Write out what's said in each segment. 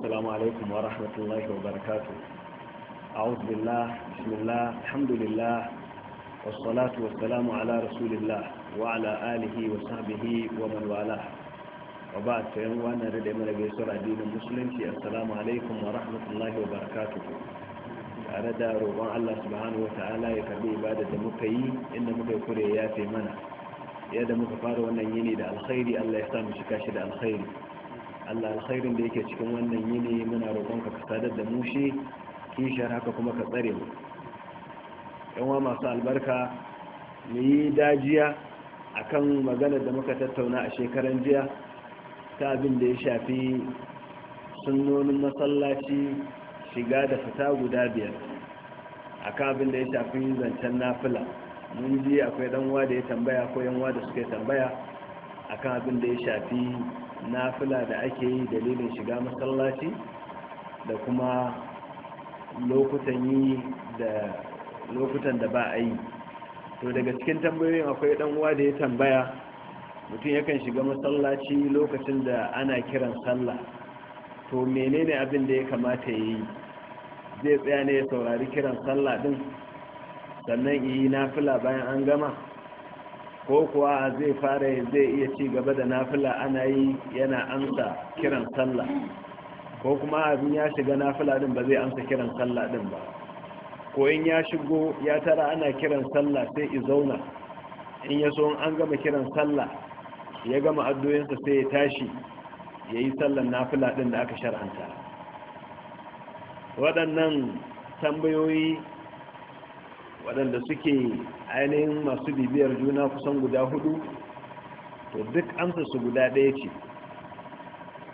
السلام عليكم ورحمة الله وبركاته أعوذ بالله بسم الله الحمد لله والصلاة والسلام على رسول الله وعلى آله وصحبه ومن والاه وبعد فإنوانا ردع من بيسر دين المسلم السلام عليكم ورحمة الله وبركاته tare da roƙon Allah subhanahu wata'ala ya karbi ibada da muka yi inda muka kure ya fi mana yadda muka fara wannan yini da alkhairi Allah ya samu shika shi da alkhairi Allah alkhairin da yake cikin wannan yini muna roƙon ka sadar da mu shi kishar haka kuma ka tsare mu yanwa masu albarka mu yi dajiya akan magana da muka tattauna a shekaran jiya ta abin da ya shafi sunnonin masallaci shiga da fita guda biyar akan abin da ya shafi zancen nafila mun ji akwai wa da ya tambaya ko yanwa da suka tambaya akan abin da ya shafi nafila da ake yi dalilin shiga masallaci da kuma lokutan yi da lokutan da ba a yi to daga cikin tambayoyin akwai dan uwa da ya tambaya mutum yakan shiga masallaci lokacin da ana kiran sallah to menene abin da ya kamata ya yi zai tsaya ne ya saurari kiran sallah din sannan yi nafila bayan an gama ko kuwa zai fara zai iya ci gaba da nafila ana yi yana amsa kiran sallah ko kuma abin ya shiga nafila din ba zai amsa kiran sallah din ba ko in ya shigo ya tara ana kiran sallah sai i zauna in ya so an gama kiran sallah ya gama addu'o'insa sai ya tashi ya yi sallan nafila din da aka shar'anta waɗannan tambayoyi waɗanda suke ainihin masu bibiyar juna kusan guda hudu to duk amsa su guda ɗaya ce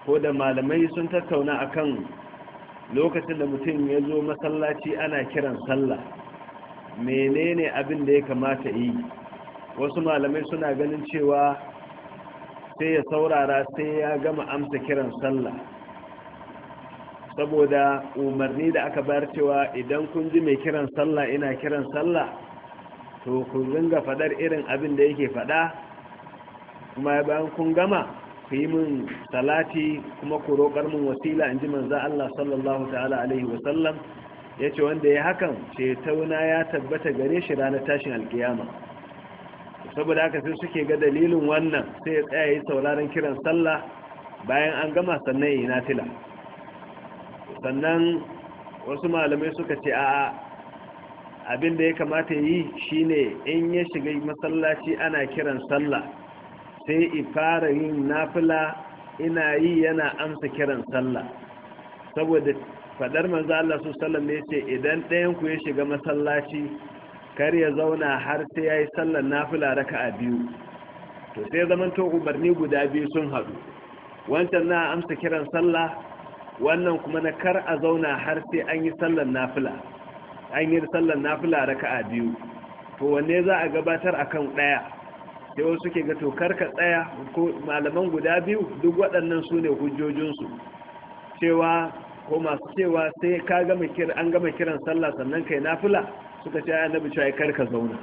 ko da malamai sun tattauna akan lokacin da mutum ya zo masallaci ana kiran sallah menene abin da ya kamata yi wasu malamai suna ganin cewa sai ya saurara sai ya gama amsa kiran sallah saboda umarni da aka bayar cewa idan kun ji mai kiran sallah ina kiran sallah to ku ringa fadar irin abin da yake fada kuma bayan kun gama ku yi min salati kuma ku roƙar min wasila in ji manza Allah sallallahu ta'ala alaihi wasallam ya ce wanda ya hakan cetauna ya tabbata gare shi ranar tashin alkiyama saboda haka sai suke ga dalilin wannan sai ya tsaya yi sauraron kiran sallah bayan an gama sannan ya yi natila sannan wasu malamai suka ce a abin da ya kamata yi shine in ya shiga masallaci ana kiran sallah sai ifara yin nafila ina yi yana amsa kiran sallah saboda fadar manzo Allah su sallam ne ce idan ɗayan ku ya shiga masallaci kar ya zauna har sai yayi sallar nafila raka'a biyu to sai zaman to umarni guda biyu sun haɗu wancan na amsa kiran sallah wannan kuma na kar a zauna har sai an yi sallan nafila an yi sallar nafila raka'a biyu to wanne za a gabatar akan daya sai wasu ke ga to karka tsaya ko malaman guda biyu duk waɗannan su ne hujjojinsu cewa ko masu cewa sai ka gama an gama kiran sallah sannan kai nafila suka ce annabi cewa karka zauna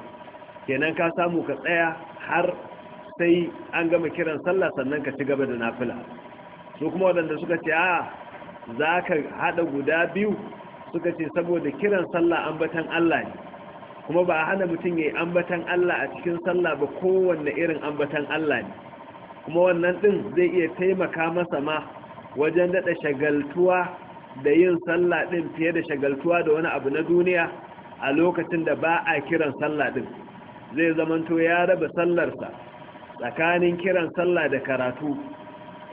kenan ka samu ka tsaya har sai an gama kiran sallah sannan ka ci gaba da nafila su kuma waɗanda suka ce a za ka haɗa guda biyu suka ce saboda kiran sallah ambatan Allah ne kuma ba a hana mutum ya yi ambatan Allah a cikin sallah ba kowanne irin ambatan Allah ne kuma wannan ɗin zai iya taimaka masa ma wajen daɗa shagaltuwa da yin sallah ɗin fiye da shagaltuwa da wani abu na duniya a lokacin da ba a kiran sallah ɗin zai zamanto ya raba sallarsa tsakanin kiran sallah da karatu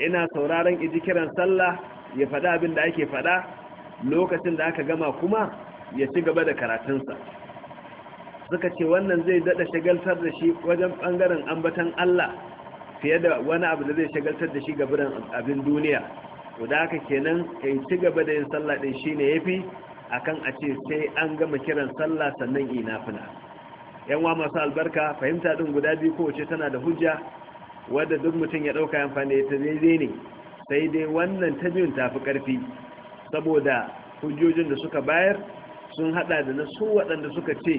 ina sauraron iji kiran sallah ya faɗa abin da ake faɗa lokacin da aka gama kuma ya ci gaba da karatunsa suka ce wannan zai daɗa shagaltar da shi wajen ɓangaren ambatan Allah fiye da wani abu da zai shagaltar da shi gabarin abin duniya da haka kenan ya ci gaba da yin sallah ɗin shi ne ya fi a kan a ce sai an gama kiran sallah sannan ina fina yan wa masu albarka fahimta ɗin guda biyu kowace tana da hujja wadda duk mutum ya ɗauka amfani ta daidai ne sai dai wannan ta biyun tafi karfi saboda hujjojin da suka bayar sun hada da na su waɗanda suka ce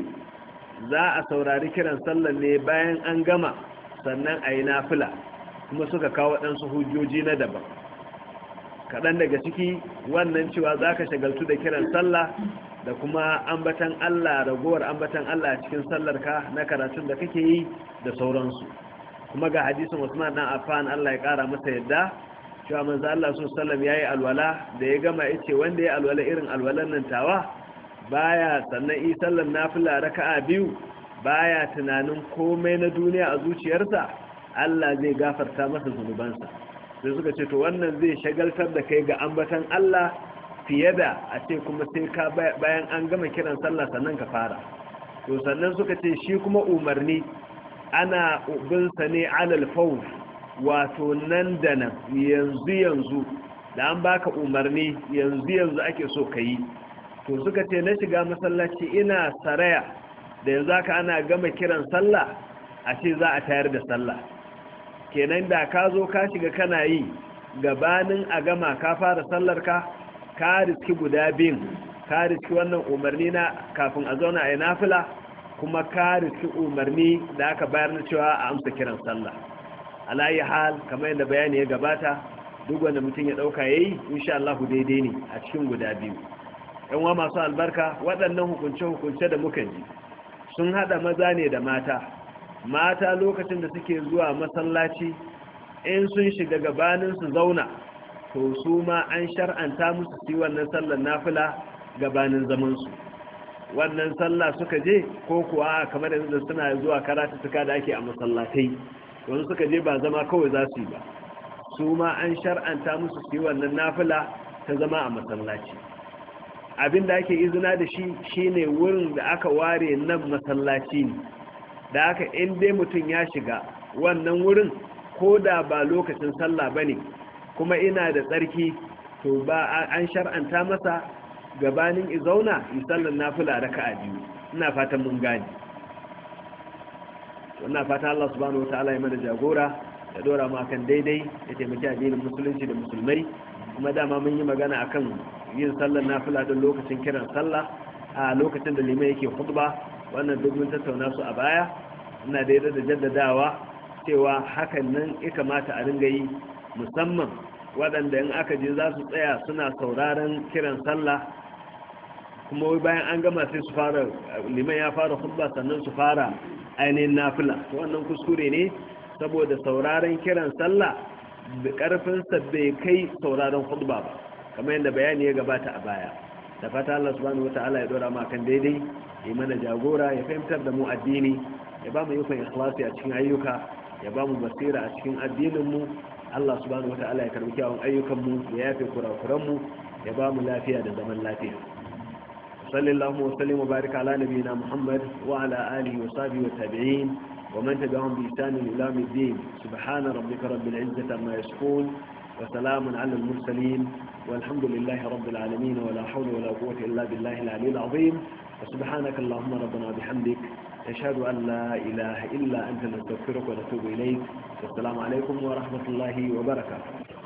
za a saurari kiran sallan ne bayan an gama sannan a yi nafila kuma suka kawo waɗansu hujjoji na daban kaɗan daga ciki wannan cewa za ka shagaltu da kiran sallah da kuma ambatan Allah ragowar ambatan Allah a cikin ka na karatun da kake yi da sauransu kuma ga hadisin Usman dan Affan Allah ya kara masa yadda cewa manzo Allah su sallam yayi alwala da ya gama yace wanda ya alwala irin alwalan nan tawa baya sannan yi sallan nafila raka'a biyu baya tunanin komai na duniya a zuciyarsa Allah zai gafarta masa zunubansa sai suka ce to wannan zai shagaltar da kai ga ambatan Allah fiye da a ce kuma sai ka bayan an gama kiran sallah sannan ka fara to sannan suka ce shi kuma umarni ana ubinsa ne alal fawz wato nan da nan yanzu yanzu da an baka umarni yanzu yanzu ake so ka yi to suka ce na shiga masallaci ina saraya da yanzu aka ana gama kiran sallah a ce za a tayar da sallah kenan da ka zo ka shiga kana yi gabanin a gama ka fara sallar ka ka riski guda biyun ka riski wannan umarni na kafin a zauna a yi nafila kuma ka riski umarni da aka bayar na cewa a amsa kiran sallah alayi hal kamar yadda bayani ya gabata duk wanda mutum ya dauka yi? insha Allah daidai ne a cikin guda biyu yan wa masu albarka waɗannan hukunce hukunce da muka ji sun hada maza ne da mata mata lokacin da suke zuwa masallaci in sun shiga gabanin su zauna to su ma an shar'anta musu su wannan sallar nafila gabanin zaman su wannan sallah suka je ko kuwa kamar yanzu suna zuwa karatu suka da ake a masallatai wani suka je ba zama kawai za su yi ba su ma an shar'anta musu su yi wannan nafila ta zama a masallaci abin da ake izina da shi shi ne wurin da aka ware nan masallaci ne da aka in dai mutum ya shiga wannan wurin ko da ba lokacin sallah ba ne kuma ina da tsarki to ba an shar'anta masa gabanin izauna yi nafila raka'a biyu ina fatan mun gani wannan fata Allah subhanahu wataala ya mana jagora ya dora mu akan daidai ya taimaki addinin musulunci da musulmai kuma dama mun yi magana akan yin sallar nafila don lokacin kiran sallah a lokacin da limai yake khutba wannan duk mun tattauna su a baya ina daidai da jaddadawa cewa hakan nan ya kamata a dinga yi musamman waɗanda in aka je za su tsaya suna sauraron kiran sallah kuma bayan an gama sai su fara liman ya fara khutba sannan su fara ainihin nafila wannan kuskure ne saboda sauraron kiran sallah karfinsa bai kai sauraron hudba ba kamar yadda bayani ya gabata a baya da fata Allah subhanahu wataala ya dora ma daidai ya mana jagora ya fahimtar da mu addini ya ba mu ikon ikhlasi a cikin ayyuka ya ba mu basira a cikin addinin mu Allah subhanahu wataala ya karbi kyawun ayyukan mu ya yafe kurakuran mu ya ba mu lafiya da zaman lafiya صلى اللهم وسلم وبارك على نبينا محمد وعلى آله وصحبه والتابعين ومن تبعهم بإحسان إلى الدين سبحان ربك رب العزة ما يصفون وسلام على المرسلين والحمد لله رب العالمين ولا حول ولا قوة إلا بالله العلي العظيم وسبحانك اللهم ربنا وبحمدك أشهد أن لا إله إلا أنت نستغفرك ونتوب إليك والسلام عليكم ورحمة الله وبركاته